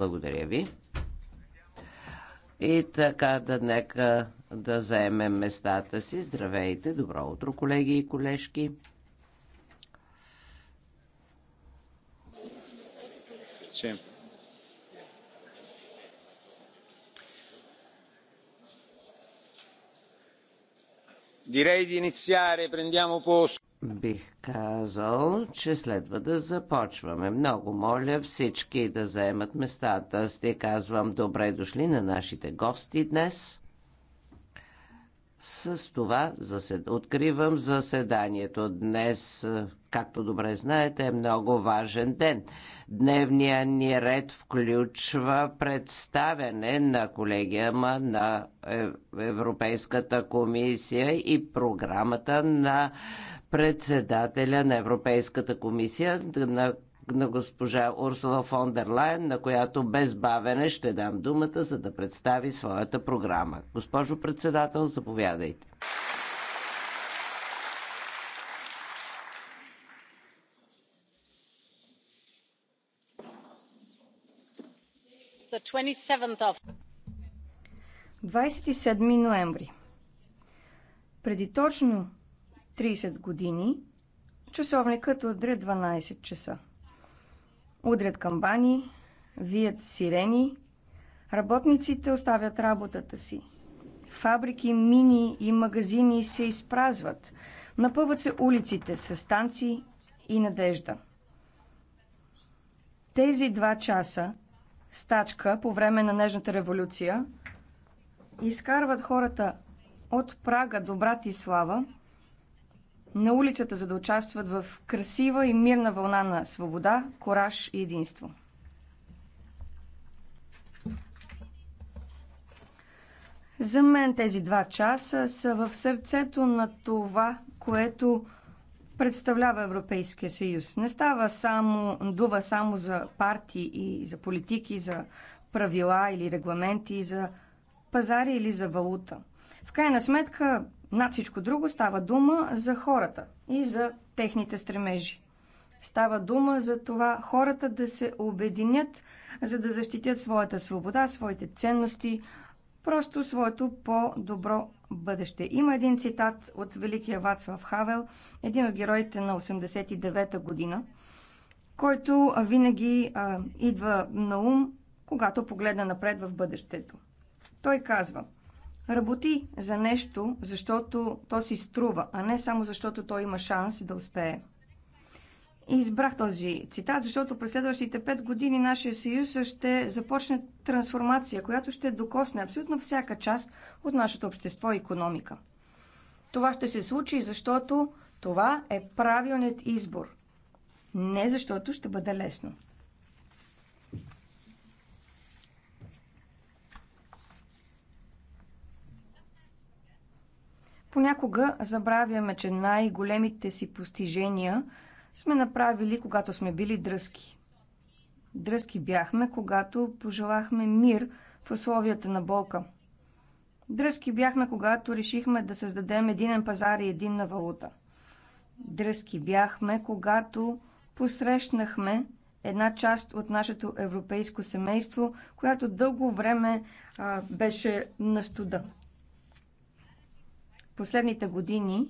Благодаря ви. И така да нека да заемем местата си. Здравейте, добро утро, колеги и колежки. Чем? Direi di iniziare, prendiamo posto. Бих казал, че следва да започваме. Много моля всички да заемат местата Сте Казвам добре дошли на нашите гости днес. С това засед... откривам заседанието. Днес, е, както добре знаете, е много важен ден. Дневният ни ред включва представяне на колегиама на е, Европейската комисия и програмата на председателя на Европейската комисия, на на госпожа Урсула фон дер Лайн, на която без бавене ще дам думата, за да представи своята програма. Госпожо председател, заповядайте. The 27 27 ноември. Преди точно 30 години часовникът отре 12 часа. Удрят камбани, вият сирени, работниците оставят работата си. Фабрики, мини и магазини се изпразват, напъват се улиците с станции и надежда. Тези два часа стачка по време на Нежната революция изкарват хората от прага до Братислава на улицата, за да участват в красива и мирна вълна на свобода, кораж и единство. За мен тези два часа са в сърцето на това, което представлява Европейския съюз. Не става само, дува само за партии и за политики, за правила или регламенти, за пазари или за валута. В крайна сметка, над всичко друго става дума за хората и за техните стремежи. Става дума за това хората да се обединят, за да защитят своята свобода, своите ценности, просто своето по-добро бъдеще. Има един цитат от Великия Вацлав Хавел, един от героите на 89-та година, който винаги а, идва на ум, когато погледна напред в бъдещето. Той казва – работи за нещо, защото то си струва, а не само защото той има шанс да успее. И избрах този цитат, защото през следващите пет години нашия съюз ще започне трансформация, която ще докосне абсолютно всяка част от нашето общество и економика. Това ще се случи, защото това е правилният избор. Не защото ще бъде лесно. Понякога забравяме, че най-големите си постижения сме направили, когато сме били дръзки. Дръзки бяхме, когато пожелахме мир в условията на болка. Дръзки бяхме, когато решихме да създадем единен пазар и единна валута. Дръзки бяхме, когато посрещнахме една част от нашето европейско семейство, която дълго време а, беше на студа последните години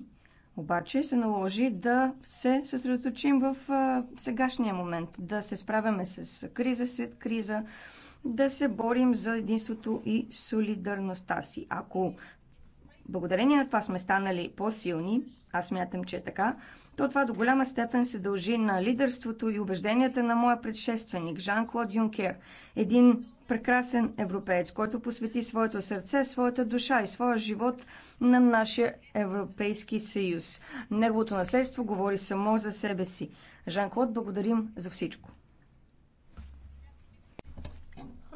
обаче се наложи да се съсредоточим в сегашния момент, да се справяме с криза след криза, да се борим за единството и солидарността си. Ако благодарение на това сме станали по-силни, аз мятам, че е така, то това до голяма степен се дължи на лидерството и убежденията на моя предшественик Жан-Клод Юнкер, един прекрасен европеец, който посвети своето сърце, своята душа и своя живот на нашия Европейски съюз. Неговото наследство говори само за себе си. Жан-Клод, благодарим за всичко.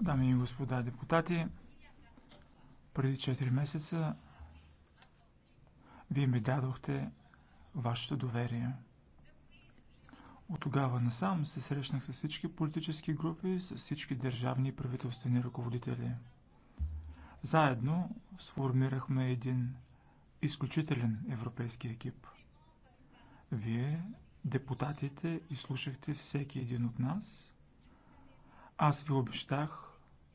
Дами и господа депутати, преди 4 месеца вие ми дадохте вашето доверие. От тогава насам се срещнах с всички политически групи, с всички държавни и правителствени ръководители. Заедно сформирахме един изключителен европейски екип. Вие, депутатите, изслушахте всеки един от нас. Аз ви обещах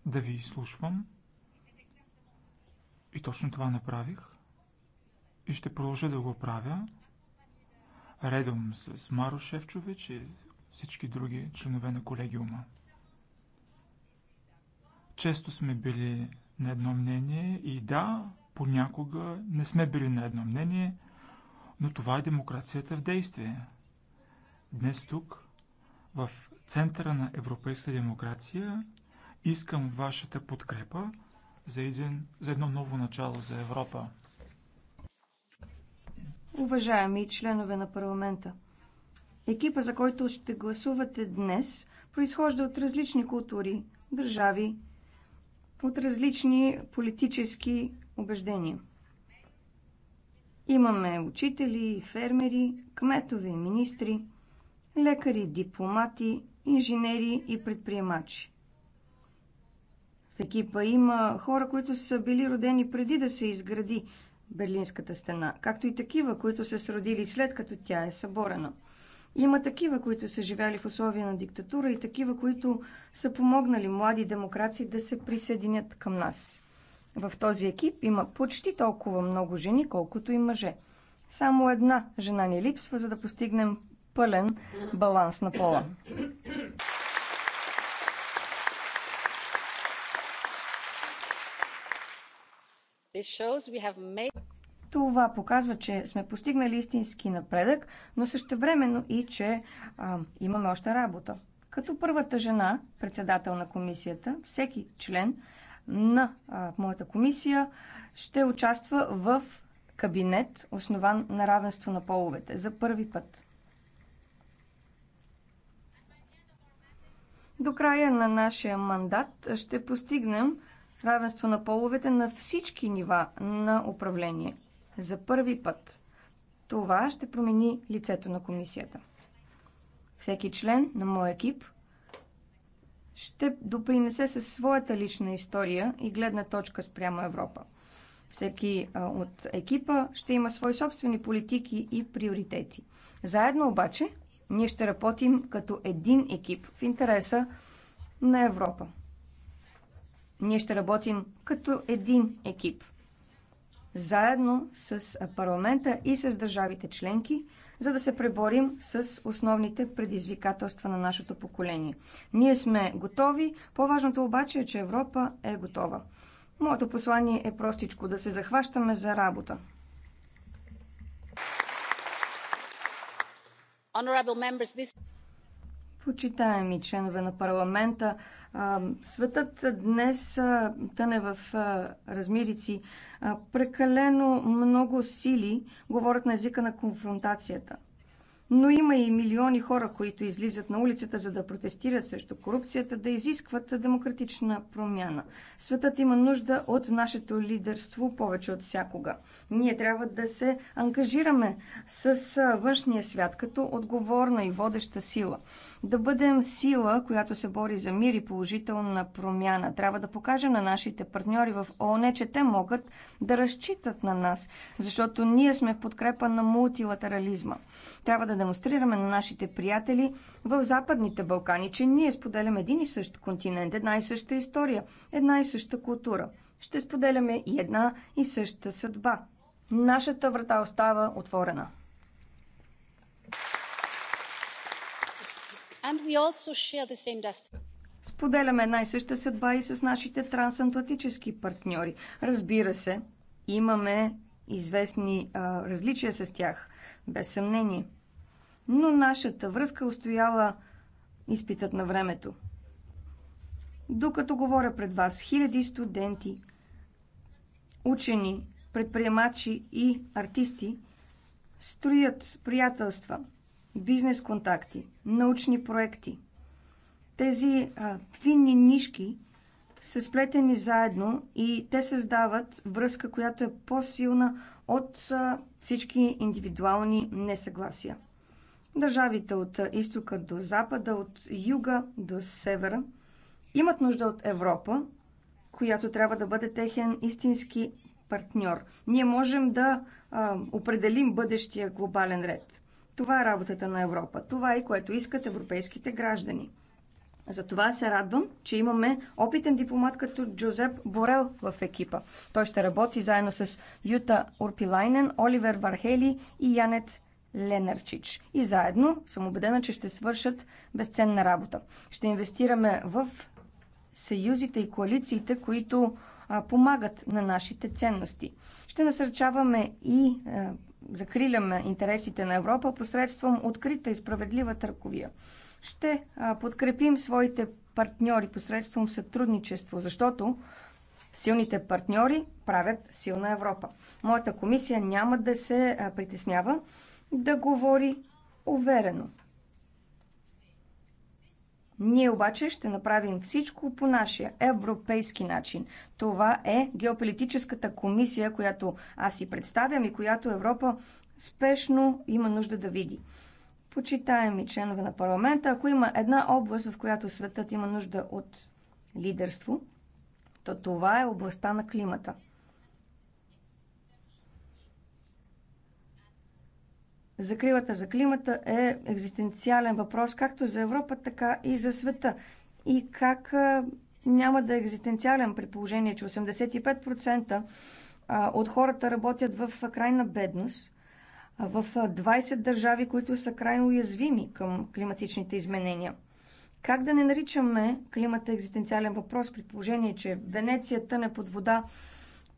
да ви изслушвам. И точно това направих. И ще продължа да го правя – редом с Маро Шевчович и всички други членове на колегиума. Често сме били на едно мнение и да, понякога не сме били на едно мнение, но това е демокрацията в действие. Днес тук, в центъра на европейска демокрация, искам вашата подкрепа за, един, за едно ново начало за Европа. Уважаеми членове на парламента, екипа, за който ще гласувате днес, произхожда от различни култури, държави, от различни политически убеждения. Имаме учители, фермери, кметове, министри, лекари, дипломати, инженери и предприемачи. В екипа има хора, които са били родени преди да се изгради Берлинската стена, както и такива, които са се родили след като тя е съборена. Има такива, които са живяли в условия на диктатура и такива, които са помогнали млади демокрации да се присъединят към нас. В този екип има почти толкова много жени, колкото и мъже. Само една жена ни липсва, за да постигнем пълен баланс на пола. Това показва, че сме постигнали истински напредък, но същевременно и, че а, имаме още работа. Като първата жена, председател на комисията, всеки член на а, моята комисия ще участва в кабинет, основан на равенство на половете, за първи път. До края на нашия мандат ще постигнем равенство на половете на всички нива на управление. За първи път това ще промени лицето на комисията. Всеки член на моя екип ще допринесе със своята лична история и гледна точка спрямо Европа. Всеки от екипа ще има свои собствени политики и приоритети. Заедно обаче ние ще работим като един екип в интереса на Европа. Ние ще работим като един екип, заедно с парламента и с държавите членки, за да се преборим с основните предизвикателства на нашето поколение. Ние сме готови, по-важното обаче е, че Европа е готова. Моето послание е простичко да се захващаме за работа. Почитаеми членове на парламента, Светът днес тъне в размирици. Прекалено много сили говорят на езика на конфронтацията – но има и милиони хора, които излизат на улицата, за да протестират срещу корупцията, да изискват демократична промяна. Светът има нужда от нашето лидерство повече от всякога. Ние трябва да се ангажираме с външния свят като отговорна и водеща сила. Да бъдем сила, която се бори за мир и положителна промяна. Трябва да покажем на нашите партньори в ООН, че те могат да разчитат на нас, защото ние сме в подкрепа на мултилатерализма. Трябва да демонстрираме на нашите приятели в Западните Балкани, че ние споделяме един и същ континент, една и съща история, една и съща култура. Ще споделяме и една и съща съдба. Нашата врата остава отворена. Споделяме една и съща съдба и с нашите трансатлантически партньори. Разбира се, имаме известни а, различия с тях, без съмнение но нашата връзка устояла изпитът на времето. Докато говоря пред вас, хиляди студенти, учени, предприемачи и артисти строят приятелства, бизнес контакти, научни проекти. Тези а, финни нишки са сплетени заедно и те създават връзка, която е по-силна от а, всички индивидуални несъгласия. Държавите от изтока до запада, от юга до севера имат нужда от Европа, която трябва да бъде техен истински партньор. Ние можем да а, определим бъдещия глобален ред. Това е работата на Европа. Това е което искат европейските граждани. Затова се радвам, че имаме опитен дипломат като Джозеп Борел в екипа. Той ще работи заедно с Юта Урпилайнен, Оливер Вархели и Янец. Ленарчич. И заедно съм убедена, че ще свършат безценна работа. Ще инвестираме в съюзите и коалициите, които а, помагат на нашите ценности. Ще насърчаваме и а, закриляме интересите на Европа посредством открита и справедлива търговия. Ще а, подкрепим своите партньори посредством сътрудничество, защото Силните партньори правят силна Европа. Моята комисия няма да се притеснява да говори уверено. Ние обаче ще направим всичко по нашия европейски начин. Това е геополитическата комисия, която аз си представям и която Европа спешно има нужда да види. Почитаеми членове на парламента, ако има една област, в която светът има нужда от лидерство, то това е областта на климата – Закрилата за климата е екзистенциален въпрос както за Европа, така и за света. И как няма да е екзистенциален при положение, че 85% от хората работят в крайна бедност, в 20 държави, които са крайно уязвими към климатичните изменения. Как да не наричаме климата екзистенциален въпрос при положение, че Венеция тъне под вода,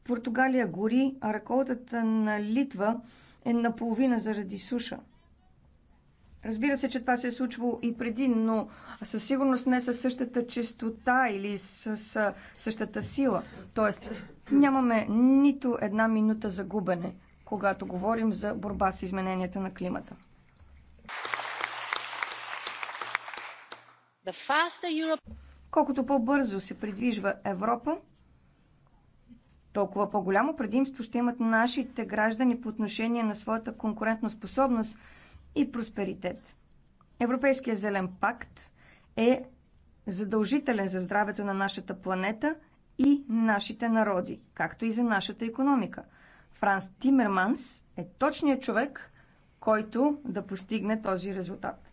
Португалия гори, а реколтата на Литва – е наполовина заради суша. Разбира се, че това се е случвало и преди, но със сигурност не със същата чистота или с същата сила. Тоест, нямаме нито една минута за губене, когато говорим за борба с измененията на климата. Europe... Колкото по-бързо се придвижва Европа, толкова по-голямо предимство ще имат нашите граждани по отношение на своята конкурентоспособност и просперитет. Европейския зелен пакт е задължителен за здравето на нашата планета и нашите народи, както и за нашата економика. Франс Тимерманс е точният човек, който да постигне този резултат.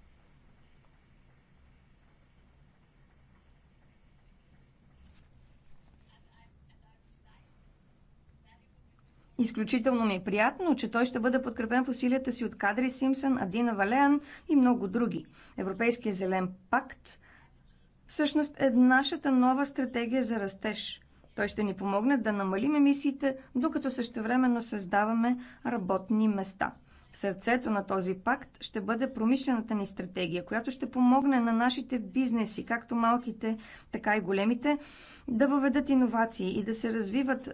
Изключително ми е приятно, че той ще бъде подкрепен в усилията си от Кадри Симпсън, Адина Валеан и много други. Европейския зелен пакт всъщност е нашата нова стратегия за растеж. Той ще ни помогне да намалим емисиите, докато същевременно създаваме работни места – в сърцето на този пакт ще бъде промишлената ни стратегия, която ще помогне на нашите бизнеси, както малките, така и големите, да въведат иновации и да се развиват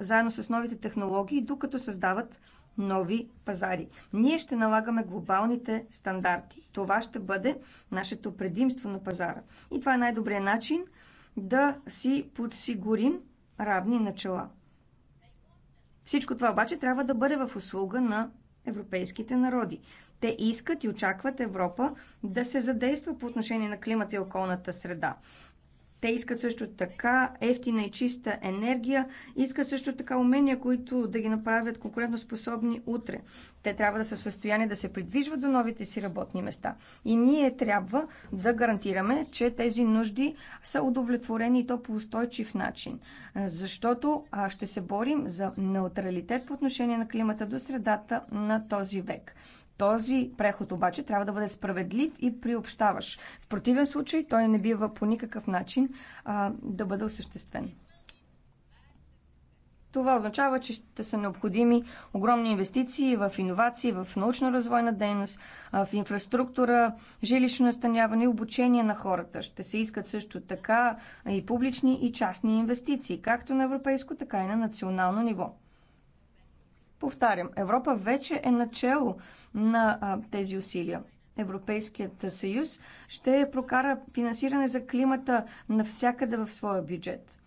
заедно с новите технологии, докато създават нови пазари. Ние ще налагаме глобалните стандарти. Това ще бъде нашето предимство на пазара. И това е най-добрият начин да си подсигурим равни начала. Всичко това обаче трябва да бъде в услуга на европейските народи. Те искат и очакват Европа да се задейства по отношение на климата и околната среда. Те искат също така ефтина и чиста енергия, искат също така умения, които да ги направят конкурентоспособни утре. Те трябва да са в състояние да се придвижват до новите си работни места. И ние трябва да гарантираме, че тези нужди са удовлетворени и то по устойчив начин. Защото ще се борим за неутралитет по отношение на климата до средата на този век. Този преход обаче трябва да бъде справедлив и приобщаващ. В противен случай той не бива по никакъв начин а, да бъде осъществен. Това означава, че ще са необходими огромни инвестиции в иновации, в научно-развойна дейност, в инфраструктура, жилищно настаняване и обучение на хората. Ще се искат също така и публични и частни инвестиции, както на европейско, така и на национално ниво повтарям, Европа вече е начало на а, тези усилия. Европейският съюз ще прокара финансиране за климата навсякъде в своя бюджет.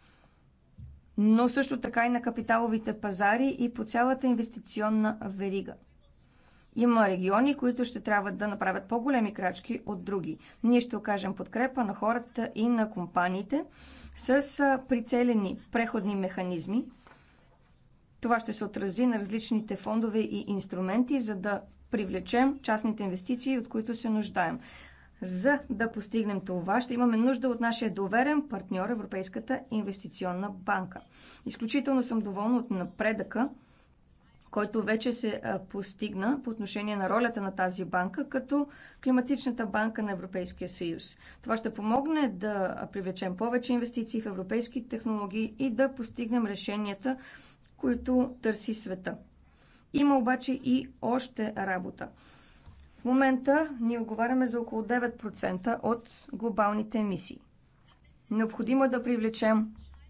Но също така и на капиталовите пазари и по цялата инвестиционна верига. Има региони, които ще трябва да направят по-големи крачки от други. Ние ще окажем подкрепа на хората и на компаниите с прицелени преходни механизми, това ще се отрази на различните фондове и инструменти, за да привлечем частните инвестиции, от които се нуждаем. За да постигнем това, ще имаме нужда от нашия доверен партньор Европейската инвестиционна банка. Изключително съм доволна от напредъка, който вече се постигна по отношение на ролята на тази банка като климатичната банка на Европейския съюз. Това ще помогне да привлечем повече инвестиции в европейски технологии и да постигнем решенията, които търси света. Има обаче и още работа. В момента ние отговаряме за около 9% от глобалните емисии. Необходимо е да привлечем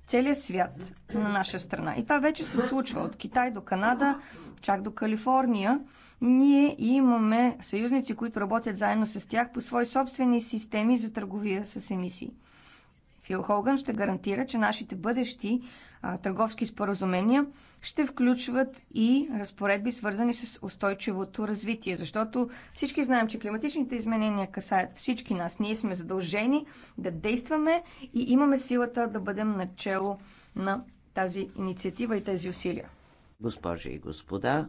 целия свят на наша страна. И това вече се случва от Китай до Канада, чак до Калифорния. Ние имаме съюзници, които работят заедно с тях по свои собствени системи за търговия с емисии. Фил Хоган ще гарантира, че нашите бъдещи а, търговски споразумения ще включват и разпоредби, свързани с устойчивото развитие. Защото всички знаем, че климатичните изменения касаят всички нас. Ние сме задължени да действаме и имаме силата да бъдем начало на тази инициатива и тези усилия. Госпожи и господа,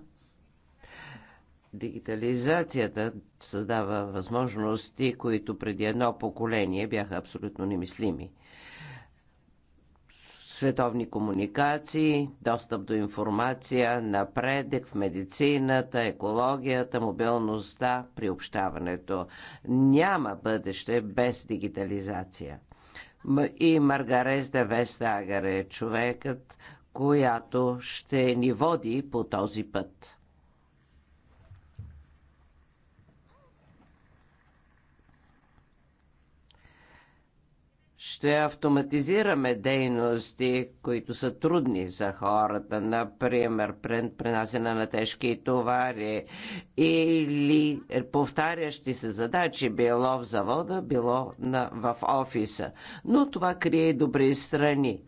Дигитализацията създава възможности, които преди едно поколение бяха абсолютно немислими световни комуникации, достъп до информация, напредък в медицината, екологията, мобилността, приобщаването. Няма бъдеще без дигитализация. И Маргарес де Вестагър е човекът, която ще ни води по този път. Ще автоматизираме дейности, които са трудни за хората, например пренасене на тежки товари или повтарящи се задачи, било в завода, било на, в офиса. Но това крие и добри страни.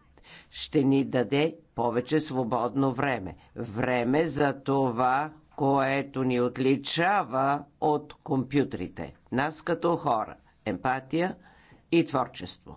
Ще ни даде повече свободно време. Време за това, което ни отличава от компютрите. Нас като хора. Емпатия и творчество.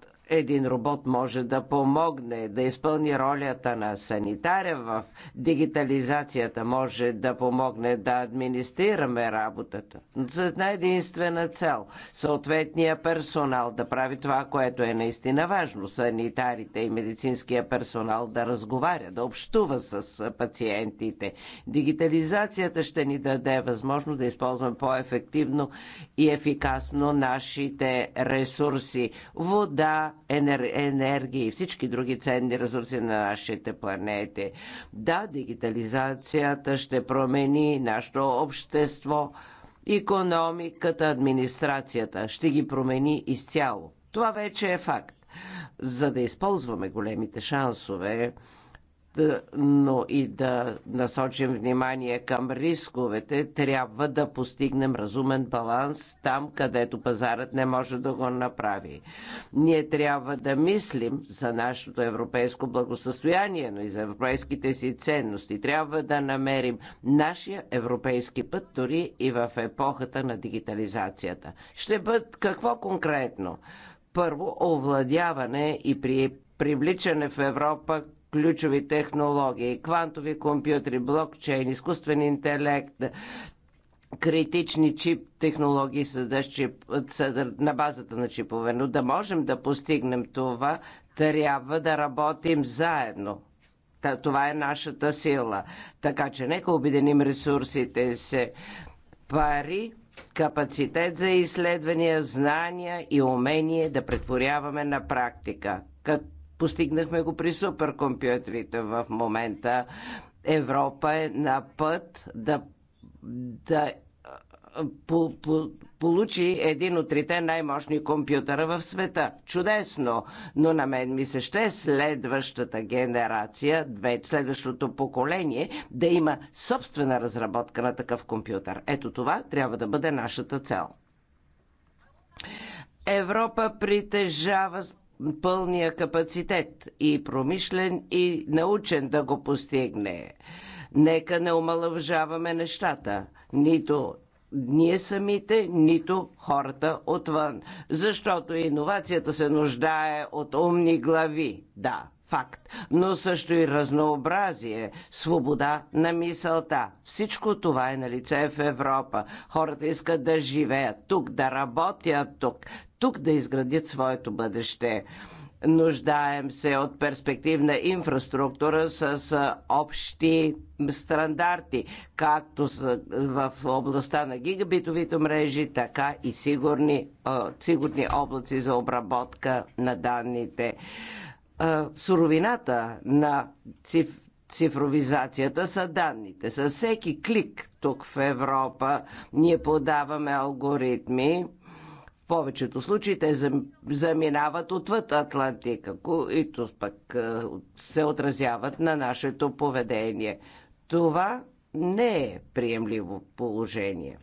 един робот може да помогне да изпълни ролята на санитаря в дигитализацията, може да помогне да администрираме работата. За една единствена цел съответния персонал да прави това, което е наистина важно. Санитарите и медицинския персонал да разговаря, да общува с пациентите. Дигитализацията ще ни даде възможност да използваме по-ефективно и ефикасно нашите ресурси. Вода, енер, енергия и всички други ценни ресурси на нашите планети. Да, дигитализацията ще промени нашето общество, економиката, администрацията. Ще ги промени изцяло. Това вече е факт. За да използваме големите шансове, е, но и да насочим внимание към рисковете, трябва да постигнем разумен баланс там, където пазарът не може да го направи. Ние трябва да мислим за нашето европейско благосъстояние, но и за европейските си ценности. Трябва да намерим нашия европейски път, дори и в епохата на дигитализацията. Ще бъде какво конкретно? Първо, овладяване и при привличане в Европа ключови технологии, квантови компютри, блокчейн, изкуствен интелект, критични чип технологии на базата на чипове. Но да можем да постигнем това, трябва да работим заедно. Това е нашата сила. Така че нека обединим ресурсите се. Пари, капацитет за изследвания, знания и умение да претворяваме на практика. Като Постигнахме го при суперкомпютрите в момента. Европа е на път да, да по, по, получи един от трите най-мощни компютъра в света. Чудесно! Но на мен ми се ще следващата генерация, следващото поколение, да има собствена разработка на такъв компютър. Ето това трябва да бъде нашата цел. Европа притежава пълния капацитет и промишлен и научен да го постигне. Нека не омалъвжаваме нещата, нито ние самите, нито хората отвън. Защото иновацията се нуждае от умни глави, да, факт, но също и разнообразие, свобода на мисълта. Всичко това е на лице в Европа. Хората искат да живеят тук, да работят тук, тук да изградят своето бъдеще. Нуждаем се от перспективна инфраструктура с общи стандарти, както в областта на гигабитовите мрежи, така и сигурни, сигурни облаци за обработка на данните суровината на циф, цифровизацията са данните. С всеки клик тук в Европа ние подаваме алгоритми. В повечето случаи те заминават отвъд Атлантика, които пък се отразяват на нашето поведение. Това не е приемливо положение.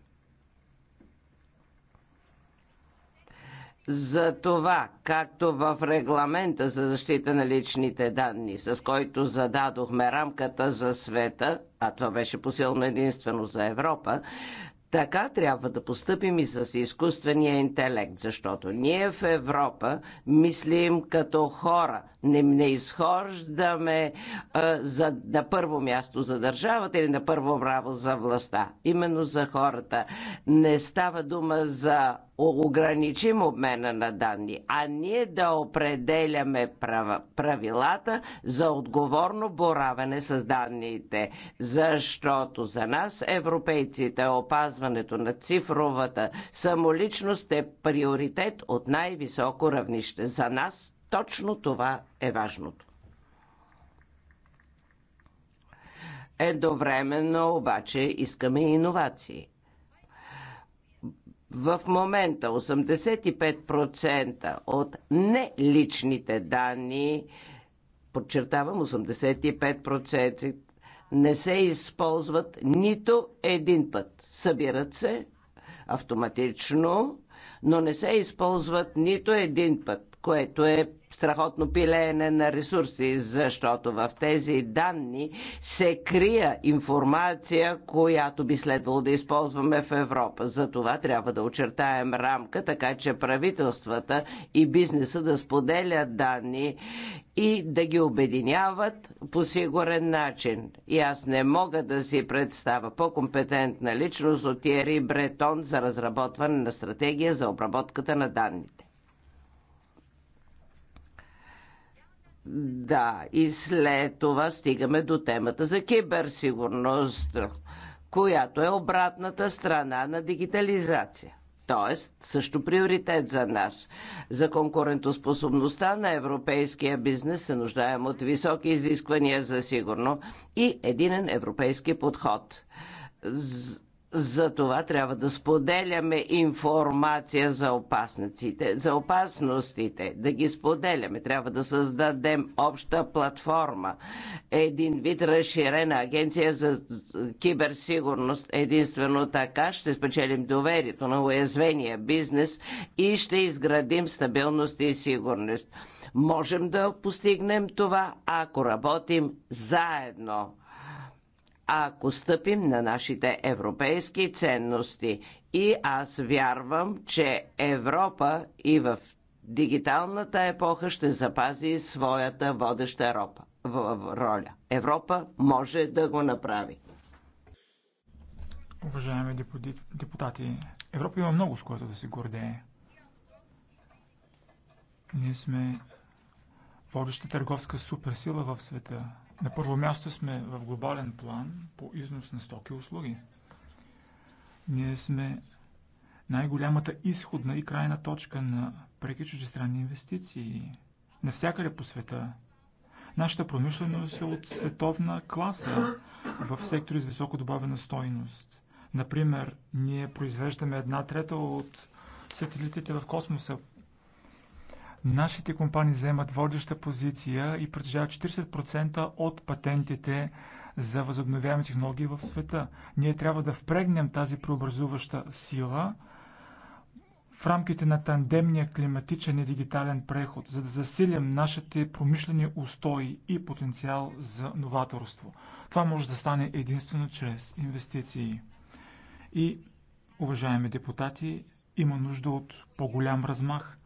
за това, както в регламента за защита на личните данни, с който зададохме рамката за света, а това беше посилно единствено за Европа, така трябва да поступим и с изкуствения интелект, защото ние в Европа мислим като хора, не, не изхождаме а, за, на първо място за държавата или на първо право за властта. Именно за хората. Не става дума за ограничим обмена на данни, а ние да определяме права, правилата за отговорно боравене с данните. Защото за нас, европейците, опазването на цифровата самоличност е приоритет от най-високо равнище. За нас точно това е важното. Едновременно обаче искаме иновации. В момента 85% от неличните данни, подчертавам 85%, не се използват нито един път. Събират се автоматично, но не се използват нито един път което е страхотно пилеене на ресурси, защото в тези данни се крия информация, която би следвало да използваме в Европа. За това трябва да очертаем рамка, така че правителствата и бизнеса да споделят данни и да ги обединяват по сигурен начин. И аз не мога да си представя по-компетентна личност от Тиери Бретон за разработване на стратегия за обработката на данните. Да, и след това стигаме до темата за киберсигурност, която е обратната страна на дигитализация т.е. също приоритет за нас. За конкурентоспособността на европейския бизнес се нуждаем от високи изисквания за сигурно и единен европейски подход за това трябва да споделяме информация за опасниците, за опасностите, да ги споделяме. Трябва да създадем обща платформа, един вид разширена агенция за киберсигурност. Единствено така ще спечелим доверието на уязвения бизнес и ще изградим стабилност и сигурност. Можем да постигнем това, ако работим заедно ако стъпим на нашите европейски ценности. И аз вярвам, че Европа и в дигиталната епоха ще запази своята водеща Европа, роля. Европа може да го направи. Уважаеми депутати, Европа има много с което да се гордее. Ние сме водеща търговска суперсила в света. На първо място сме в глобален план по износ на стоки и услуги. Ние сме най-голямата изходна и крайна точка на преки чуждестранни инвестиции. Навсякъде по света. Нашата промишленост е от световна класа в сектори с високо добавена стойност. Например, ние произвеждаме една трета от сателитите в космоса Нашите компании заемат водеща позиция и притежават 40% от патентите за възобновяеми технологии в света. Ние трябва да впрегнем тази преобразуваща сила в рамките на тандемния климатичен и дигитален преход, за да засилим нашите промишлени устои и потенциал за новаторство. Това може да стане единствено чрез инвестиции. И, уважаеми депутати, има нужда от по-голям размах –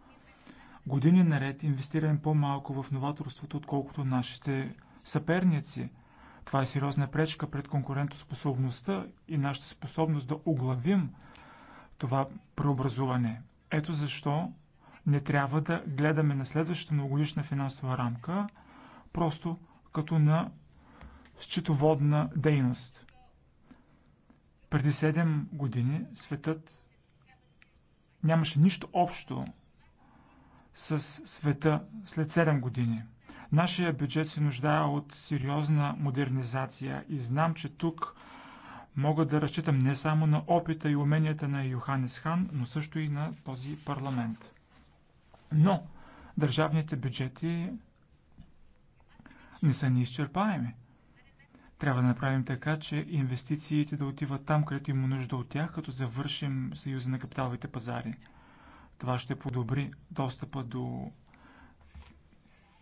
Години наред инвестираме по-малко в новаторството, отколкото нашите съперници. Това е сериозна пречка пред конкурентоспособността и нашата способност да оглавим това преобразуване. Ето защо не трябва да гледаме на следващата многогодишна финансова рамка просто като на счетоводна дейност. Преди 7 години светът нямаше нищо общо с света след 7 години. Нашия бюджет се нуждае от сериозна модернизация и знам, че тук мога да разчитам не само на опита и уменията на Йоханес Хан, но също и на този парламент. Но държавните бюджети не са неизчерпаеми. Трябва да направим така, че инвестициите да отиват там, където има нужда от тях, като завършим Съюза на капиталовите пазари – това ще подобри достъпа до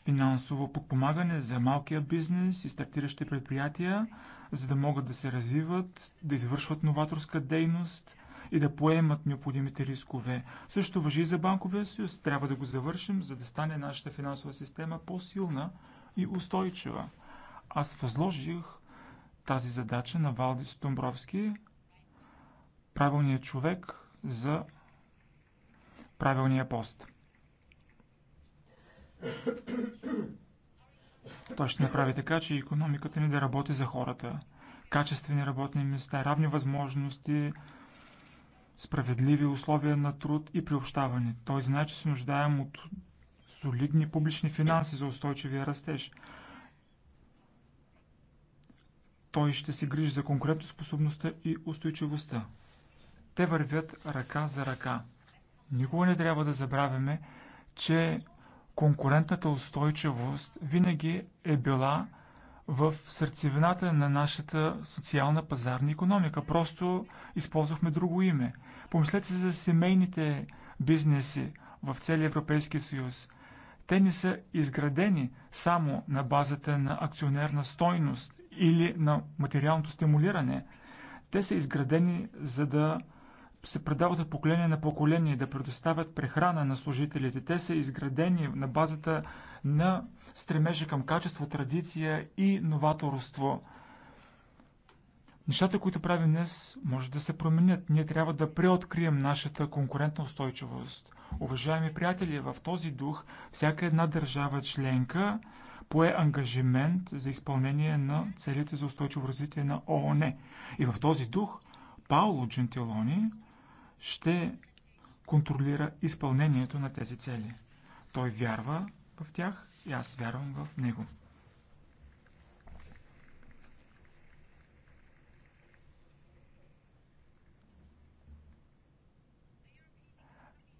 финансово подпомагане за малкия бизнес и стартиращи предприятия, за да могат да се развиват, да извършват новаторска дейност и да поемат необходимите рискове. Също въжи и за банковия съюз. Трябва да го завършим, за да стане нашата финансова система по-силна и устойчива. Аз възложих тази задача на Валдис Домбровски, правилният човек за правилния пост. Той ще направи така, че економиката ни да работи за хората. Качествени работни места, равни възможности, справедливи условия на труд и приобщаване. Той знае, че се нуждаем от солидни публични финанси за устойчивия растеж. Той ще се грижи за конкурентоспособността и устойчивостта. Те вървят ръка за ръка. Никога не трябва да забравяме, че конкурентната устойчивост винаги е била в сърцевината на нашата социална пазарна економика. Просто използвахме друго име. Помислете за семейните бизнеси в целия Европейски съюз. Те не са изградени само на базата на акционерна стойност или на материалното стимулиране. Те са изградени за да се предават от поколение на поколение, да предоставят прехрана на служителите. Те са изградени на базата на стремежа към качество, традиция и новаторство. Нещата, които правим днес, може да се променят. Ние трябва да преоткрием нашата конкурентна устойчивост. Уважаеми приятели, в този дух всяка една държава членка пое ангажимент за изпълнение на целите за устойчиво развитие на ООН. И в този дух Пауло Джентилони ще контролира изпълнението на тези цели. Той вярва в тях и аз вярвам в него.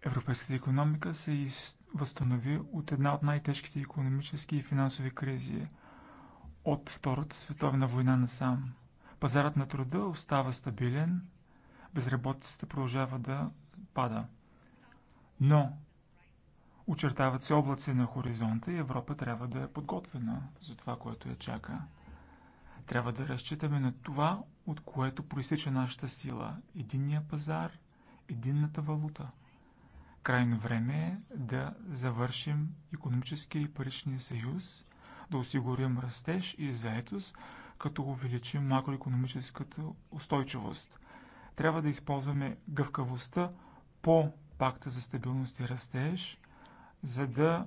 Европейската економика се възстанови от една от най-тежките економически и финансови кризи от Втората световна война насам. Пазарът на труда остава стабилен безработицата продължава да пада. Но очертават се облаци на хоризонта и Европа трябва да е подготвена за това, което я чака. Трябва да разчитаме на това, от което проистича нашата сила – единния пазар, единната валута. Крайно време е да завършим економическия и паричния съюз, да осигурим растеж и заетост, като увеличим макроекономическата устойчивост. Трябва да използваме гъвкавостта по пакта за стабилност и растеж, за да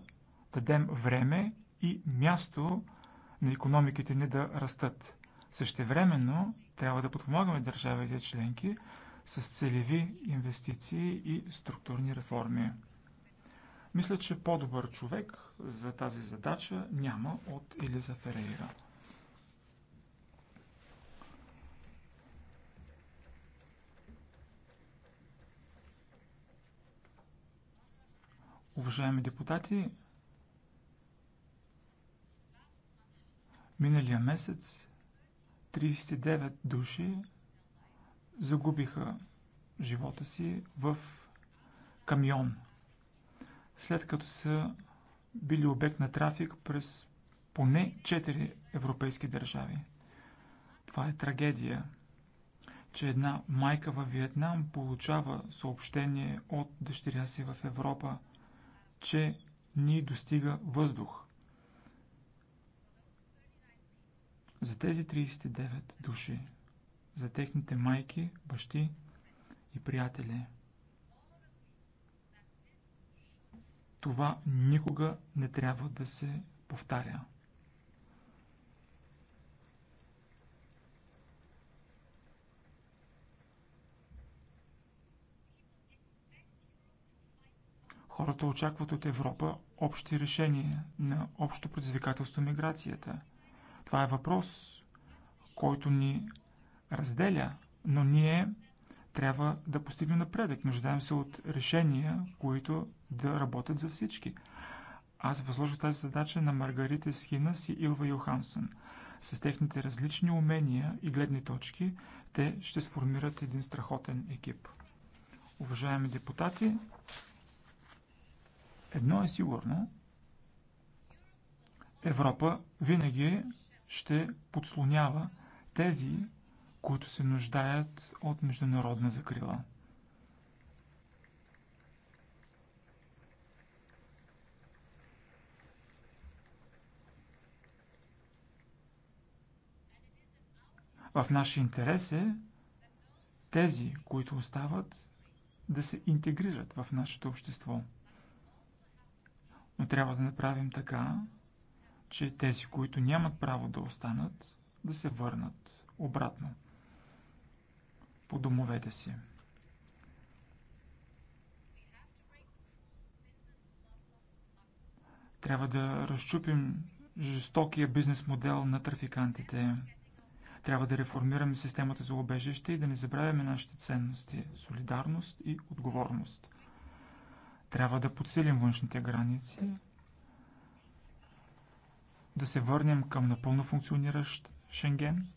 дадем време и място на икономиките ни да растат. Същевременно трябва да подпомагаме държавите членки с целеви инвестиции и структурни реформи. Мисля, че по-добър човек за тази задача няма от Елиза Ферейра. Уважаеми депутати, миналия месец 39 души загубиха живота си в камион, след като са били обект на трафик през поне 4 европейски държави. Това е трагедия, че една майка във Виетнам получава съобщение от дъщеря си в Европа – че ни достига въздух. За тези 39 души, за техните майки, бащи и приятели. Това никога не трябва да се повтаря. Хората очакват от Европа общи решения на общо предизвикателство миграцията. Това е въпрос, който ни разделя, но ние трябва да постигнем напредък. Нуждаем се от решения, които да работят за всички. Аз възложих тази задача на Маргарита Схинас и Илва Йохансън. С техните различни умения и гледни точки, те ще сформират един страхотен екип. Уважаеми депутати, Едно е сигурно. Европа винаги ще подслонява тези, които се нуждаят от международна закрила. В наши интерес е тези, които остават, да се интегрират в нашето общество. Но трябва да направим така, че тези, които нямат право да останат, да се върнат обратно по домовете си. Трябва да разчупим жестокия бизнес модел на трафикантите. Трябва да реформираме системата за обежище и да не забравяме нашите ценности – солидарност и отговорност. Трябва да подсилим външните граници, да се върнем към напълно функциониращ Шенген.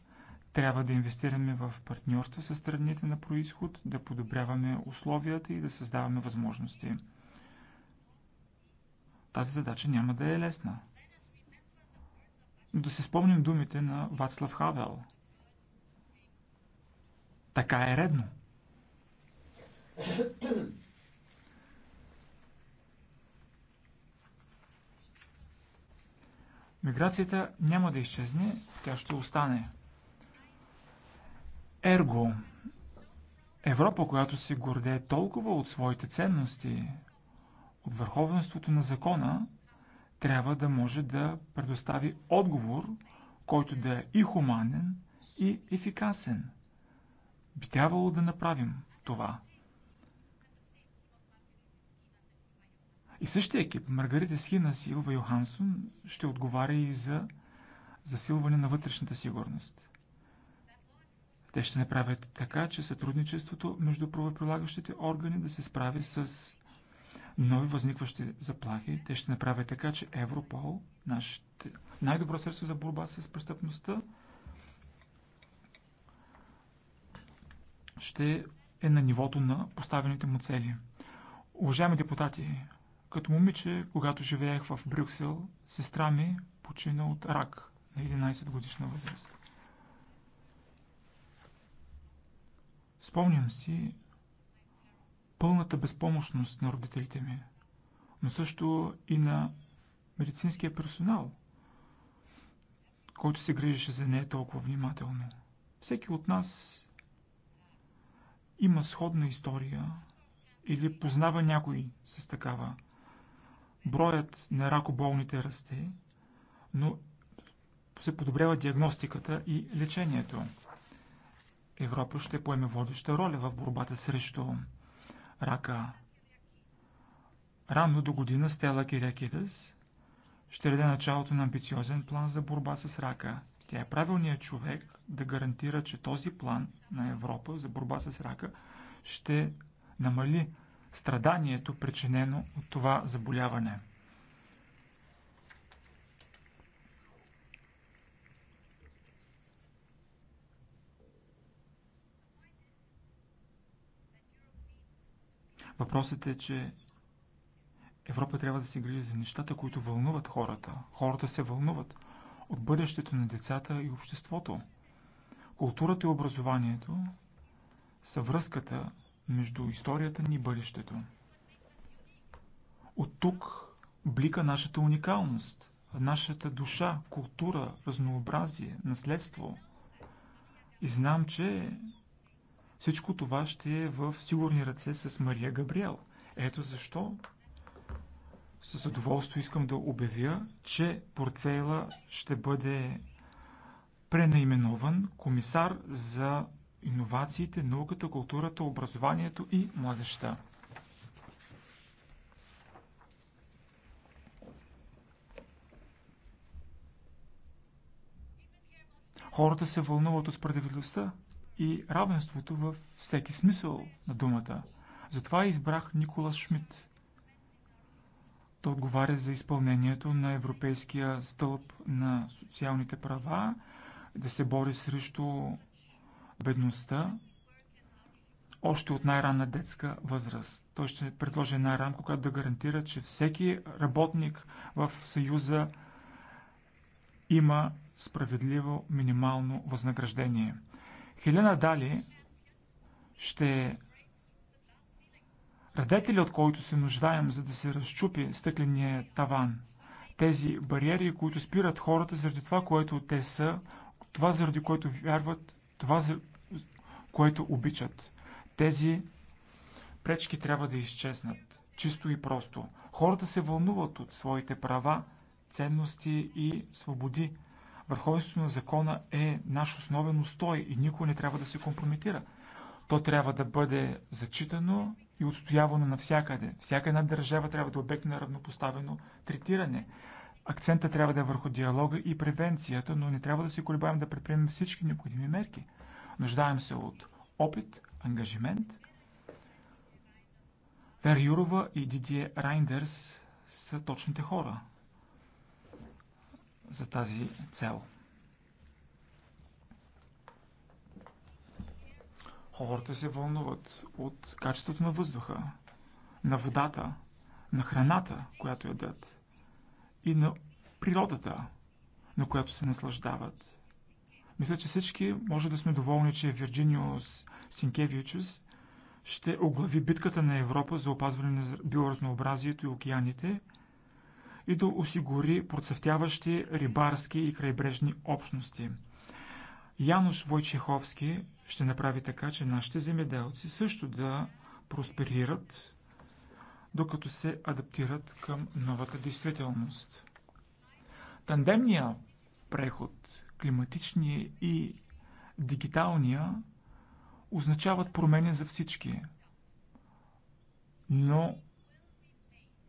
Трябва да инвестираме в партньорства с страните на происход, да подобряваме условията и да създаваме възможности. Тази задача няма да е лесна. Да се спомним думите на Вацлав Хавел. Така е редно. Миграцията няма да изчезне, тя ще остане. Ерго, Европа, която се гордее толкова от своите ценности, от върховенството на закона, трябва да може да предостави отговор, който да е и хуманен, и ефикасен. Би трябвало да направим това – И същия екип, Маргарита Схина, Силва Йохансон, ще отговаря и за засилване на вътрешната сигурност. Те ще направят така, че сътрудничеството между правоприлагащите органи да се справи с нови възникващи заплахи. Те ще направят така, че Европол, нашите най-добро средство за борба с престъпността, ще е на нивото на поставените му цели. Уважаеми депутати, като момиче, когато живеех в Брюксел, сестра ми почина от рак на 11 годишна възраст. Спомням си пълната безпомощност на родителите ми, но също и на медицинския персонал, който се грижеше за нея толкова внимателно. Всеки от нас има сходна история или познава някой с такава. Броят на ракоболните расте, но се подобрява диагностиката и лечението. Европа ще поеме водеща роля в борбата срещу рака. Рано до година Стела Кирякидес ще даде началото на амбициозен план за борба с рака. Тя е правилният човек да гарантира, че този план на Европа за борба с рака ще намали страданието, причинено от това заболяване. Въпросът е, че Европа трябва да се грижи за нещата, които вълнуват хората. Хората се вълнуват от бъдещето на децата и обществото. Културата и образованието са връзката между историята ни и бъдещето. От тук блика нашата уникалност, нашата душа, култура, разнообразие, наследство. И знам, че всичко това ще е в сигурни ръце с Мария Габриел. Ето защо със задоволство искам да обявя, че портфейла ще бъде пренаименован комисар за иновациите, науката, културата, образованието и младеща. Хората се вълнуват от справедливостта и равенството във всеки смисъл на думата. Затова избрах Никола Шмидт. Той отговаря за изпълнението на Европейския стълб на социалните права, да се бори срещу бедността още от най-ранна детска възраст. Той ще предложи една рамка, която да гарантира, че всеки работник в Съюза има справедливо минимално възнаграждение. Хелена Дали ще е радетели, от който се нуждаем, за да се разчупи стъкления таван. Тези бариери, които спират хората заради това, което те са, това заради което вярват, това, което обичат. Тези пречки трябва да изчезнат. Чисто и просто. Хората се вълнуват от своите права, ценности и свободи. Върховенството на закона е наш основен устой и никой не трябва да се компрометира. То трябва да бъде зачитано и отстоявано навсякъде. Всяка една държава трябва да е обекне на равнопоставено третиране. Акцентът трябва да е върху диалога и превенцията, но не трябва да се колебаем да предприемем всички необходими мерки. Нуждаем се от опит, ангажимент. Вер Юрова и Дидие Райндерс са точните хора за тази цел. Хората се вълнуват от качеството на въздуха, на водата, на храната, която ядат и на природата, на която се наслаждават. Мисля, че всички може да сме доволни, че Вирджиниус Синкевичус ще оглави битката на Европа за опазване на биоразнообразието и океаните и да осигури процъфтяващи рибарски и крайбрежни общности. Януш Войчеховски ще направи така, че нашите земеделци също да просперират докато се адаптират към новата действителност. Тандемният преход, климатичния и дигиталния, означават промени за всички. Но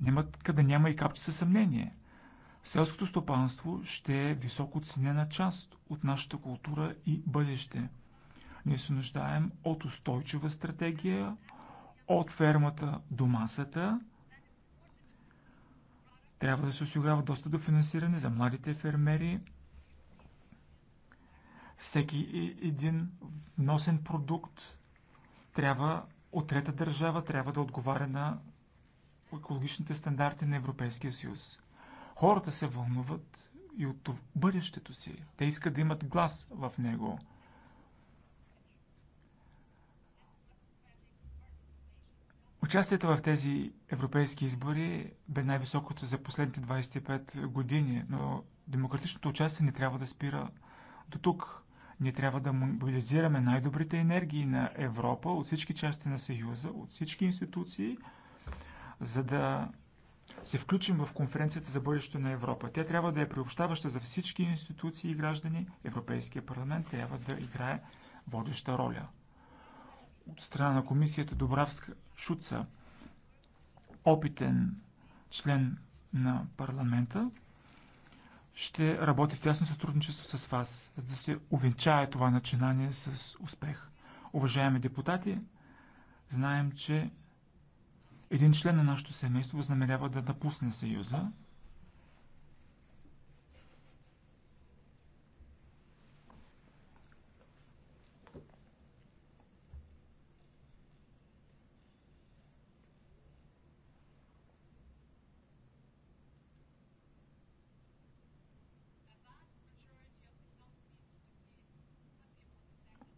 няма къде няма и капче със съмнение. Селското стопанство ще е високо ценена част от нашата култура и бъдеще. Ние се нуждаем от устойчива стратегия, от фермата до масата. Трябва да се осигурява доста до финансиране за младите фермери. Всеки един вносен продукт трябва от трета държава трябва да отговаря на екологичните стандарти на Европейския съюз. Хората се вълнуват и от бъдещето си. Те искат да имат глас в него – Участието в тези европейски избори бе най-високото за последните 25 години, но демократичното участие не трябва да спира до тук. Ние трябва да мобилизираме най-добрите енергии на Европа от всички части на Съюза, от всички институции, за да се включим в конференцията за бъдещето на Европа. Тя трябва да е приобщаваща за всички институции и граждани. Европейския парламент трябва да играе водеща роля от страна на комисията Добравска Шуца, опитен член на парламента, ще работи в тясно сътрудничество с вас, за да се увенчае това начинание с успех. Уважаеми депутати, знаем, че един член на нашето семейство възнамерява да напусне Съюза,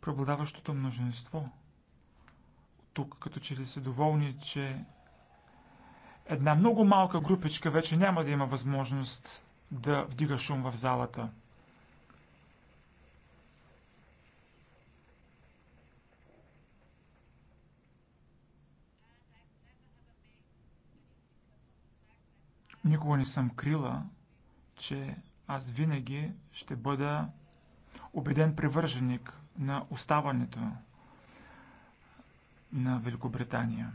преобладаващото мнозинство. Тук като че ли са доволни, че една много малка групичка вече няма да има възможност да вдига шум в залата. Никога не съм крила, че аз винаги ще бъда убеден привърженик на оставането на Великобритания.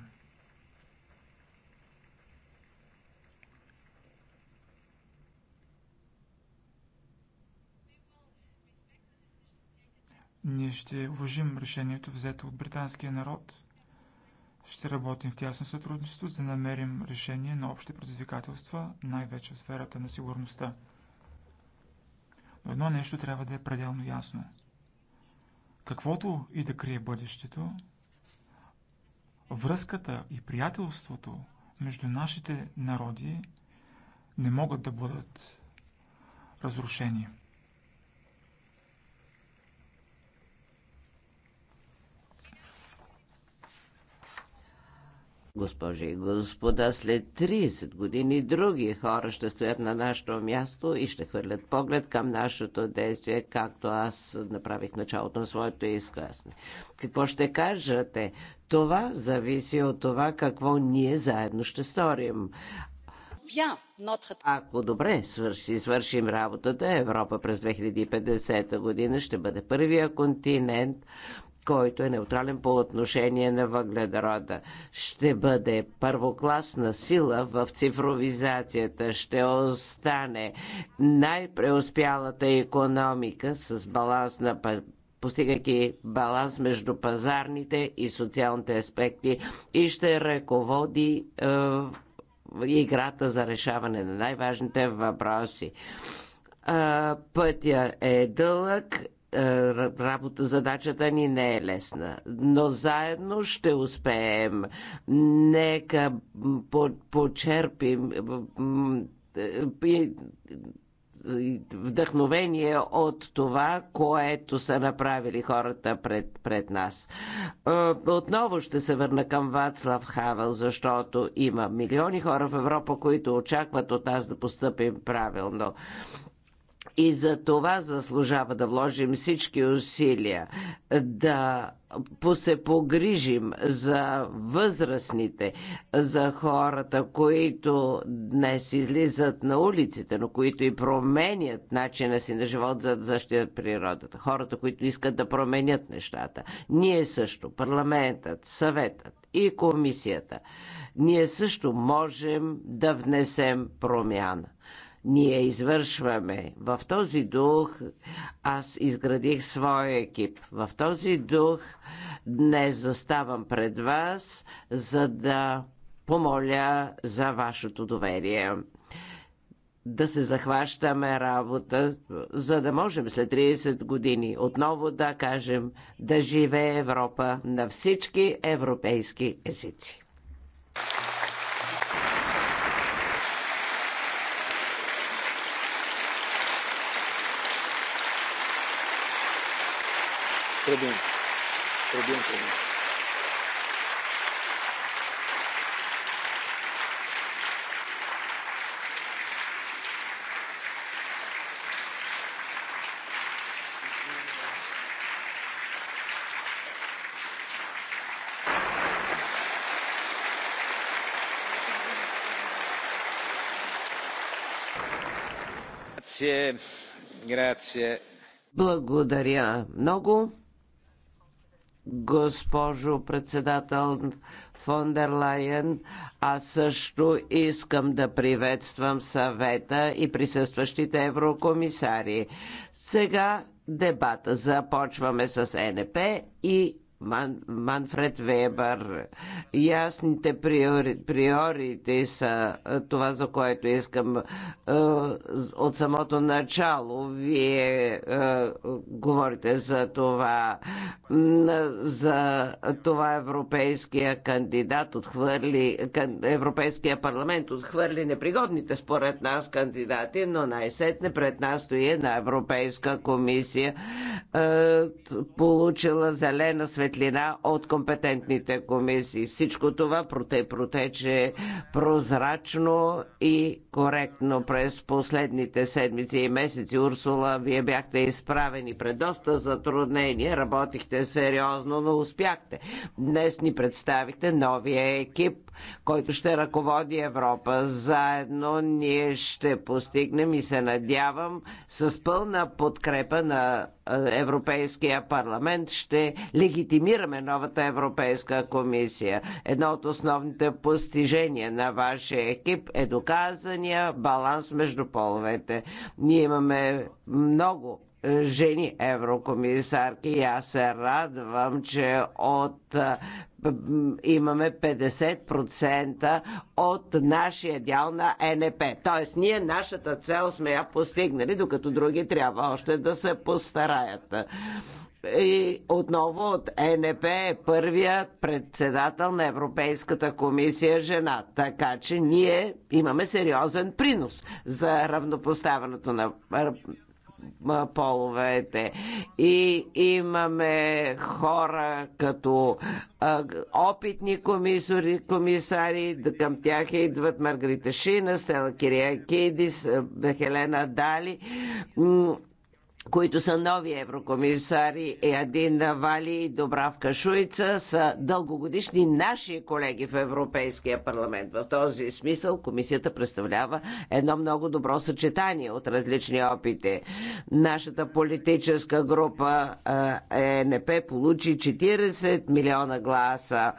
Ние ще уважим решението, взето от британския народ. Ще работим в тясно сътрудничество, за да намерим решение на общи предизвикателства, най-вече в сферата на сигурността. Но едно нещо трябва да е пределно ясно – Каквото и да крие бъдещето, връзката и приятелството между нашите народи не могат да бъдат разрушени. Госпожи и господа, след 30 години други хора ще стоят на нашето място и ще хвърлят поглед към нашето действие, както аз направих началото на своето изказване. Какво ще кажете? Това зависи от това какво ние заедно ще сторим. Ако добре свърши, свършим работата, Европа през 2050 година ще бъде първия континент, който е неутрален по отношение на въгледарода. Ще бъде първокласна сила в цифровизацията, ще остане най-преуспялата економика с баланс на постигайки баланс между пазарните и социалните аспекти и ще ръководи е, играта за решаване на най-важните въпроси е, пътя е дълъг е, работа, задачата ни не е лесна, но заедно ще успеем. Нека по почерпим е, вдъхновение от това, което са направили хората пред, пред нас. Е, отново ще се върна към Вацлав Хавел, защото има милиони хора в Европа, които очакват от нас да постъпим правилно. И за това заслужава да вложим всички усилия да се погрижим за възрастните, за хората, които днес излизат на улиците, но които и променят начина си на живот, за да защитят природата. Хората, които искат да променят нещата. Ние също, парламентът, съветът и комисията, ние също можем да внесем промяна ние извършваме. В този дух аз изградих своя екип. В този дух днес заставам пред вас, за да помоля за вашето доверие да се захващаме работа, за да можем след 30 години отново да кажем да живее Европа на всички европейски езици. проблем проблем проблем. Благодаря много госпожо председател фон дер Лайен. Аз също искам да приветствам съвета и присъстващите еврокомисари. Сега дебата. Започваме с НП и Ман, Манфред Вебър, Ясните приори, приорите са това, за което искам от самото начало. Вие говорите за това, за това европейския кандидат отхвърли, Европейския парламент отхвърли непригодните според нас кандидати, но най-сетне пред нас стои една Европейска комисия, получила зелена светлина светлина от компетентните комисии. Всичко това протече прозрачно и коректно през последните седмици и месеци. Урсула, вие бяхте изправени пред доста затруднения, работихте сериозно, но успяхте. Днес ни представихте новия екип, който ще ръководи Европа. Заедно ние ще постигнем и се надявам с пълна подкрепа на Европейския парламент ще легитимираме новата Европейска комисия. Едно от основните постижения на вашия екип е доказания баланс между половете. Ние имаме много жени еврокомисарки и аз се радвам, че от имаме 50% от нашия дял на НП. Тоест, ние нашата цел сме я постигнали, докато други трябва още да се постараят. И отново от НП е първия председател на Европейската комисия жена. Така че ние имаме сериозен принос за равнопоставеното на половете. И имаме хора като опитни комисари, комисари към тях идват Маргарита Шина, Стела Кидис, Хелена Дали които са нови еврокомисари Един Навали и Добравка Шуица, са дългогодишни наши колеги в Европейския парламент. В този смисъл комисията представлява едно много добро съчетание от различни опити. Нашата политическа група ЕНП получи 40 милиона гласа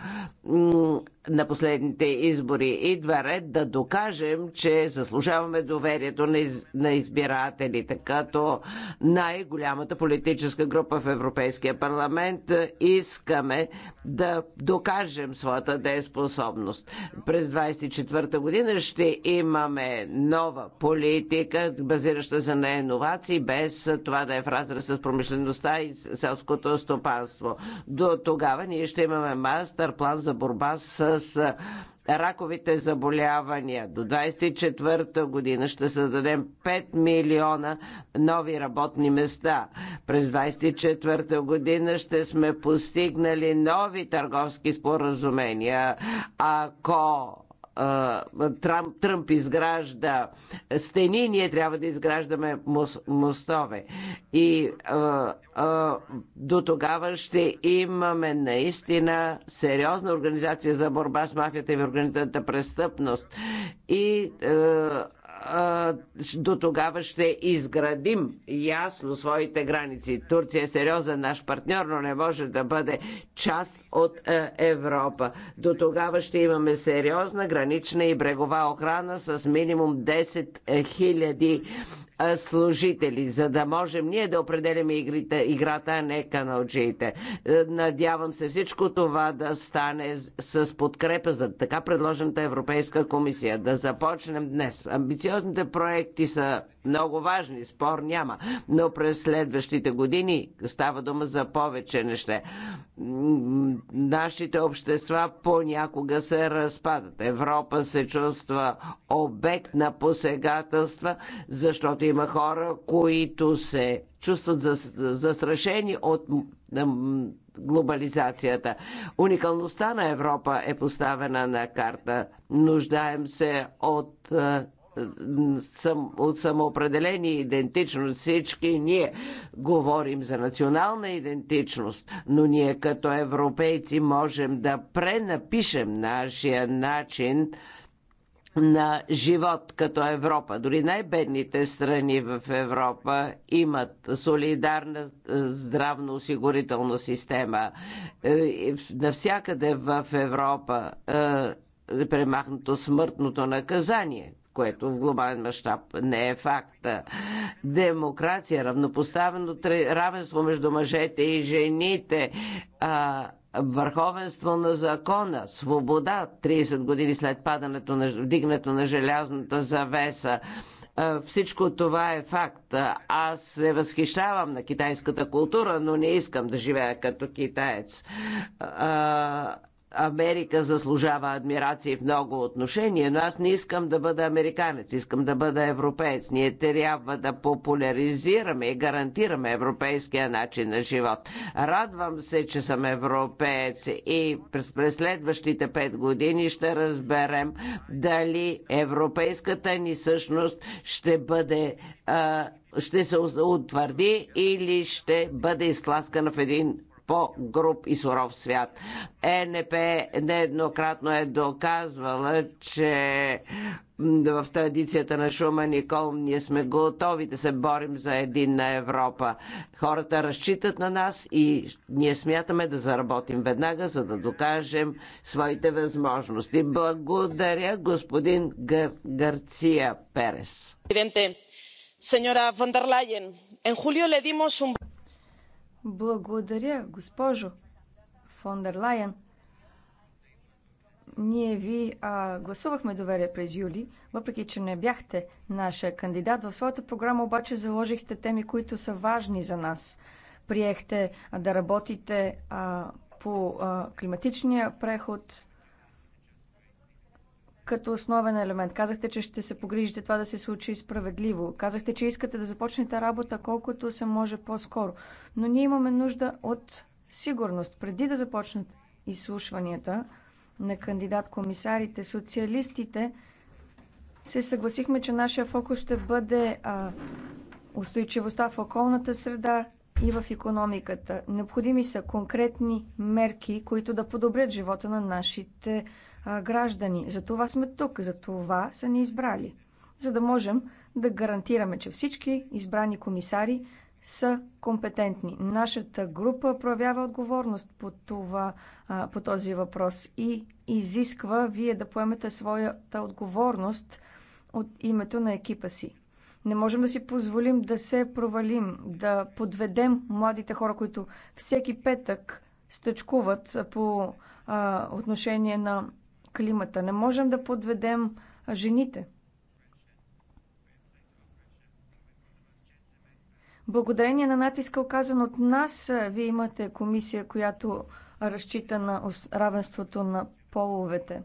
на последните избори. Идва ред да докажем, че заслужаваме доверието на избирателите, като най-голямата политическа група в Европейския парламент. Искаме да докажем своята дееспособност. През 24 година ще имаме нова политика, базираща се на иновации, без това да е в разрез с промишлеността и селското стопанство. До тогава ние ще имаме мастер план за борба с раковите заболявания. До 24-та година ще създадем 5 милиона нови работни места. През 24-та година ще сме постигнали нови търговски споразумения. Ако Трамп, Тръмп изгражда стени, ние трябва да изграждаме мостове. И а, а, до тогава ще имаме наистина сериозна организация за борба с мафията и организацията престъпност. И а, до тогава ще изградим ясно своите граници. Турция е сериозен наш партньор, но не може да бъде част от е, Европа. До тогава ще имаме сериозна гранична и брегова охрана с минимум 10 000 е, служители, за да можем ние да определяме игрите, играта, а не каналджиите. Е, надявам се всичко това да стане с подкрепа за така предложената Европейска комисия. Да започнем днес. Амбициозните проекти са много важни, спор няма. Но през следващите години става дума за повече неща. Нашите общества понякога се разпадат. Европа се чувства обект на посегателства, защото има хора, които се чувстват застрашени от глобализацията. Уникалността на Европа е поставена на карта. Нуждаем се от от самоопределени идентичност. Всички ние говорим за национална идентичност, но ние като европейци можем да пренапишем нашия начин на живот като Европа. Дори най-бедните страни в Европа имат солидарна е, здравноосигурителна система. Е, навсякъде в Европа е, премахнато смъртното наказание, което в глобален мащаб не е факт. Демокрация, равнопоставено равенство между мъжете и жените, а, върховенство на закона, свобода 30 години след падането на вдигнато на желязната завеса. Всичко това е факт. Аз се възхищавам на китайската култура, но не искам да живея като китаец. Америка заслужава адмирации в много отношения, но аз не искам да бъда американец, искам да бъда европеец. Ние трябва да популяризираме и гарантираме европейския начин на живот. Радвам се, че съм европеец и през, през следващите пет години ще разберем дали европейската ни същност ще бъде а, ще се утвърди или ще бъде изтласкана в един по-груп и суров свят. Е ЕНП нееднократно е доказвала, че в традицията на Шума Никол ние сме готови да се борим за единна Европа. Хората разчитат на нас и ние смятаме да заработим веднага, за да докажем своите възможности. Благодаря, господин Гър... Гарция Перес. Señora von der Leyen, en julio le dimos un... Благодаря, госпожо фон дер Лайен. Ние ви а, гласувахме доверие през юли, въпреки че не бяхте нашия кандидат. В своята програма обаче заложихте теми, които са важни за нас. Приехте да работите а, по а, климатичния преход, като основен елемент. Казахте, че ще се погрижите това да се случи справедливо. Казахте, че искате да започнете работа колкото се може по-скоро. Но ние имаме нужда от сигурност. Преди да започнат изслушванията на кандидат-комисарите, социалистите се съгласихме, че нашия фокус ще бъде а, устойчивостта в околната среда и в економиката. Необходими са конкретни мерки, които да подобрят живота на нашите граждани. За това сме тук, за това са ни избрали. За да можем да гарантираме, че всички избрани комисари са компетентни. Нашата група проявява отговорност по, това, по този въпрос и изисква вие да поемете своята отговорност от името на екипа си. Не можем да си позволим да се провалим, да подведем младите хора, които всеки петък стъчкуват по а, отношение на климата. Не можем да подведем жените. Благодарение на натиска, оказан от нас, вие имате комисия, която разчита на равенството на половете.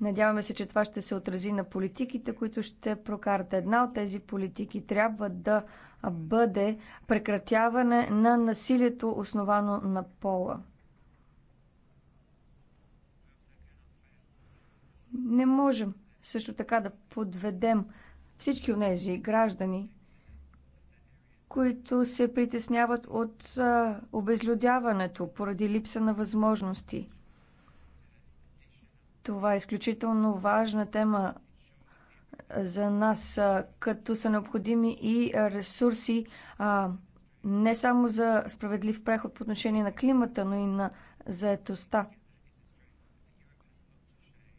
Надяваме се, че това ще се отрази на политиките, които ще прокарате. Една от тези политики трябва да бъде прекратяване на насилието, основано на пола. Не можем също така да подведем всички от тези граждани, които се притесняват от а, обезлюдяването поради липса на възможности. Това е изключително важна тема за нас, а, като са необходими и ресурси а, не само за справедлив преход по отношение на климата, но и на заетостта.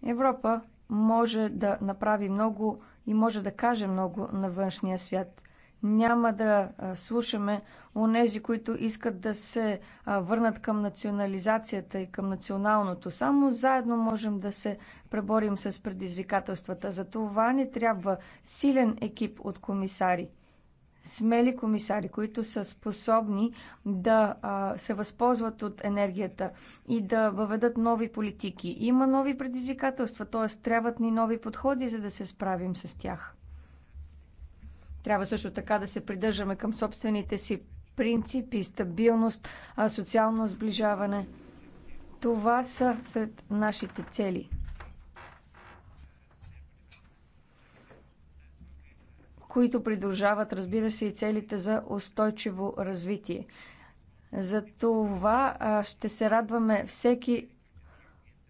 Европа може да направи много и може да каже много на външния свят. Няма да слушаме онези, които искат да се върнат към национализацията и към националното. Само заедно можем да се преборим с предизвикателствата. За това ни трябва силен екип от комисари смели комисари, които са способни да а, се възползват от енергията и да въведат нови политики. Има нови предизвикателства, т.е. трябват ни нови подходи, за да се справим с тях. Трябва също така да се придържаме към собствените си принципи, стабилност, социално сближаване. Това са сред нашите цели. които придружават, разбира се, и целите за устойчиво развитие. За това ще се радваме всеки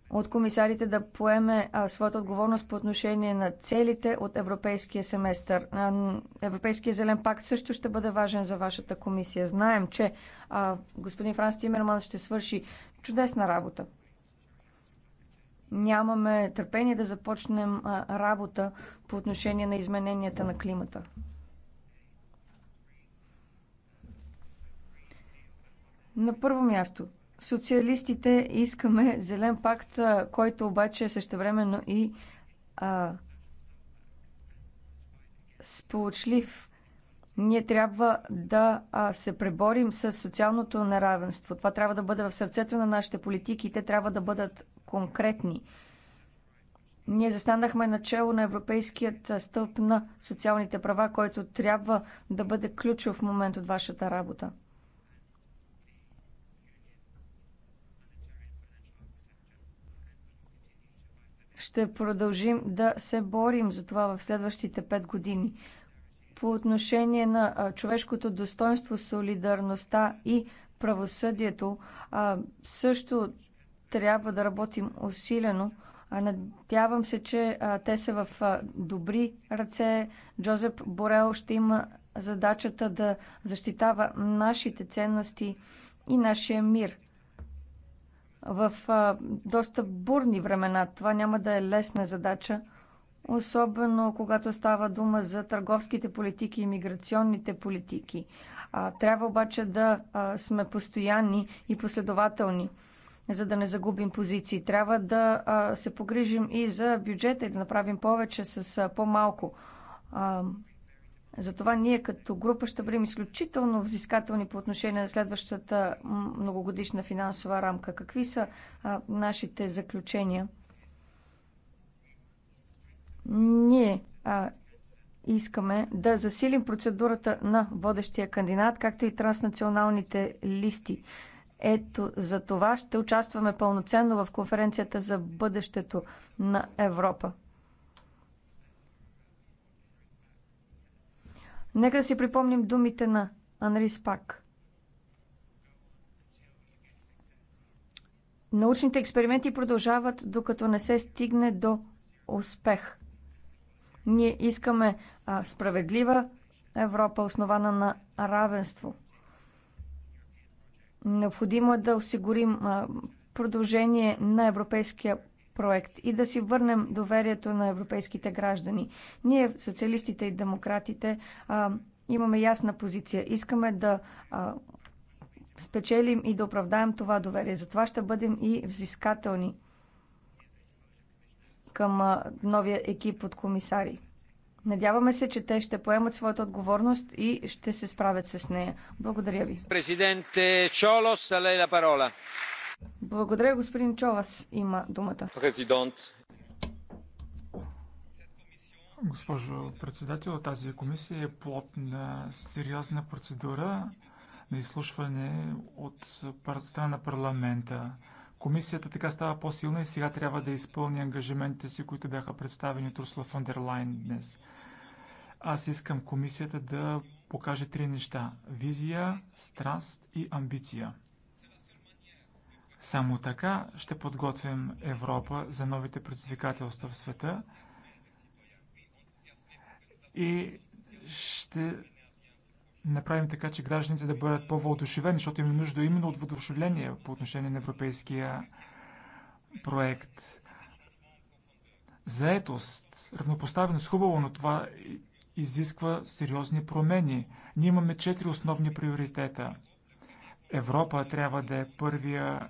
от комисарите да поеме а, своята отговорност по отношение на целите от Европейския семестър. А, Европейския зелен пакт също ще бъде важен за вашата комисия. Знаем, че а, господин Франс Тимерман ще свърши чудесна работа нямаме търпение да започнем работа по отношение на измененията на климата. На първо място, социалистите искаме зелен пакт, който обаче същевременно и а, сполучлив. Ние трябва да а, се преборим с социалното неравенство. Това трябва да бъде в сърцето на нашите политики и те трябва да бъдат конкретни. Ние застанахме начало на Европейският стълб на социалните права, който трябва да бъде ключов момент от вашата работа. ще продължим да се борим за това в следващите пет години. По отношение на човешкото достоинство, солидарността и правосъдието, също трябва да работим усилено. Надявам се, че а, те са в а, добри ръце. Джозеп Борел ще има задачата да защитава нашите ценности и нашия мир. В а, доста бурни времена това няма да е лесна задача, особено когато става дума за търговските политики и миграционните политики. А, трябва обаче да а, сме постоянни и последователни за да не загубим позиции. Трябва да се погрижим и за бюджета и да направим повече с по-малко. Затова ние като група ще бъдем изключително взискателни по отношение на следващата многогодишна финансова рамка. Какви са а, нашите заключения? Ние а, искаме да засилим процедурата на водещия кандидат, както и транснационалните листи. Ето за това ще участваме пълноценно в конференцията за бъдещето на Европа. Нека да си припомним думите на Анри Спак. Научните експерименти продължават, докато не се стигне до успех. Ние искаме а, справедлива Европа, основана на равенство – Необходимо е да осигурим продължение на европейския проект и да си върнем доверието на европейските граждани. Ние, социалистите и демократите, имаме ясна позиция. Искаме да спечелим и да оправдаем това доверие. Затова ще бъдем и взискателни към новия екип от комисари. Надяваме се, че те ще поемат своята отговорност и ще се справят с нея. Благодаря ви. Президенте Чолос, а лей парола. Благодаря, господин Чолас. Има думата. Президент. Госпожо председател, тази комисия е плод на сериозна процедура на изслушване от страна на парламента. Комисията така става по-силна и сега трябва да изпълни ангажиментите си, които бяха представени от Русла фон дер Лайн днес. Аз искам комисията да покаже три неща – визия, страст и амбиция. Само така ще подготвим Европа за новите предизвикателства в света и ще направим така, че гражданите да бъдат по-въодушевени, защото им е нужда именно от въодушевление по отношение на европейския проект. Заетост, равнопоставеност, хубаво, но това изисква сериозни промени. Ние имаме четири основни приоритета. Европа трябва да е първия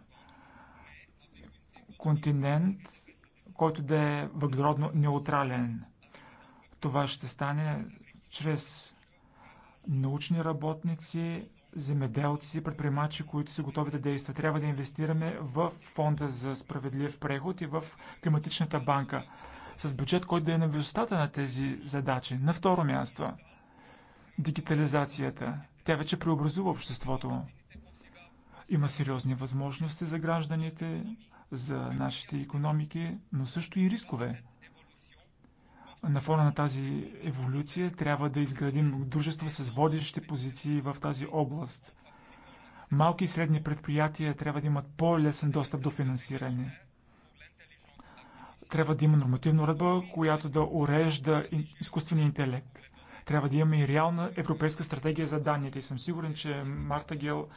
континент, който да е въглеродно неутрален. Това ще стане чрез научни работници, земеделци, предприемачи, които са готови да действат. Трябва да инвестираме в фонда за справедлив преход и в климатичната банка с бюджет, който да е на висотата на тези задачи. На второ място, дигитализацията. Тя вече преобразува обществото. Има сериозни възможности за гражданите, за нашите економики, но също и рискове. На фона на тази еволюция трябва да изградим дружества с водещи позиции в тази област. Малки и средни предприятия трябва да имат по-лесен достъп до финансиране. Трябва да има нормативна уредба, която да урежда изкуствения интелект. Трябва да имаме и реална европейска стратегия за данните. И съм сигурен, че Марта Гел,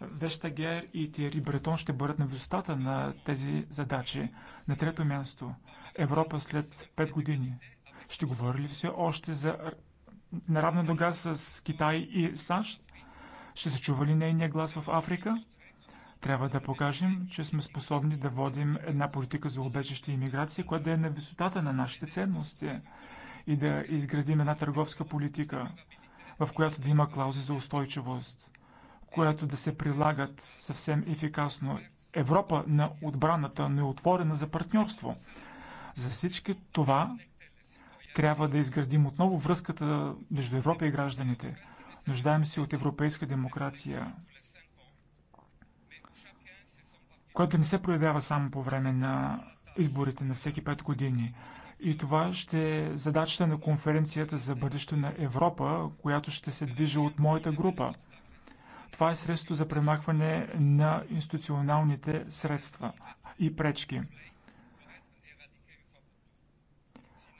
Вещагер и Тиери Бретон ще бъдат на висотата на тези задачи. На трето място, Европа след 5 години. Ще говори ли все още за наравна дога с Китай и САЩ? Ще се чува ли нейния глас в Африка? Трябва да покажем, че сме способни да водим една политика за обечеща иммиграция, която да е на висотата на нашите ценности и да изградим една търговска политика, в която да има клаузи за устойчивост, която да се прилагат съвсем ефикасно. Европа на отбраната, но е отворена за партньорство. За всички това трябва да изградим отново връзката между Европа и гражданите. Нуждаем се от европейска демокрация, което не се проявява само по време на изборите на всеки пет години. И това ще е задачата на конференцията за бъдещето на Европа, която ще се движи от моята група. Това е средство за премахване на институционалните средства и пречки.